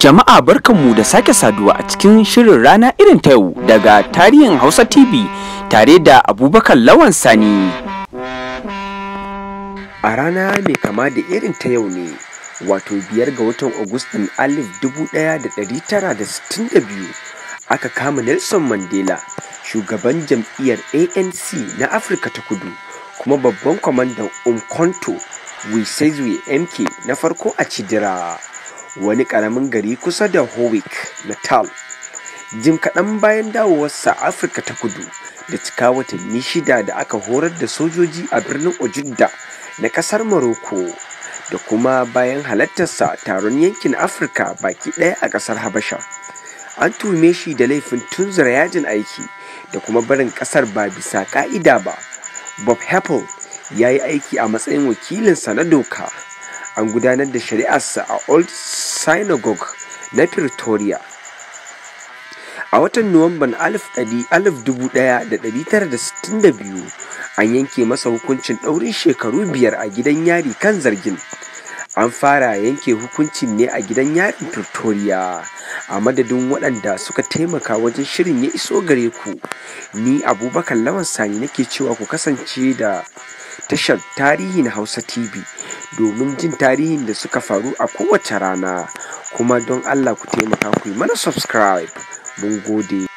Jama'a barkanmu da sake saduwa a cikin shirin rana irin ta yau daga tarihin Hausa TV tare da Abubakar Lawan Sani. A rana mai kama da irin ta yau ne, wato biyar ga watan Agustin Alif da da da tara biyu, aka kama Nelson Mandela, shugaban jam'iyyar ANC na Afirka ta Kudu, kuma babban kwamandan umkonto Wisezwe MK na farko a Chidira. wani ƙaramin gari kusa da howick natal jim kaɗan bayan dawowarsa afirka ta kudu da cika watanni shida da aka horar da sojoji a birnin ojidda na ƙasar morocco da kuma bayan halartarsa taron yankin afirka baki ɗaya a ƙasar habasha an tume shi da laifin tunzura yajin aiki da kuma barin ƙasar ba bisa ƙa'ida ba bob heppel ya yi aiki a matsayin wakilinsa na doka an gudanar da shari'arsa a old synagogue na pretoria a watan nuwamban 1962 an yanke masa hukuncin ɗaurin shekaru biyar a gidan yari kan zargin an fara yanke hukuncin ne a gidan yarin pretoria a madadin waɗanda suka taimaka wajen shirin ya iso gare ku ni abubakar lawan sani nake cewa ku kasance da tashar tarihin hausa tv domin jin tarihin da suka faru a kowace rana kuma don allah ku taimaka ku yi mana subscribe mun gode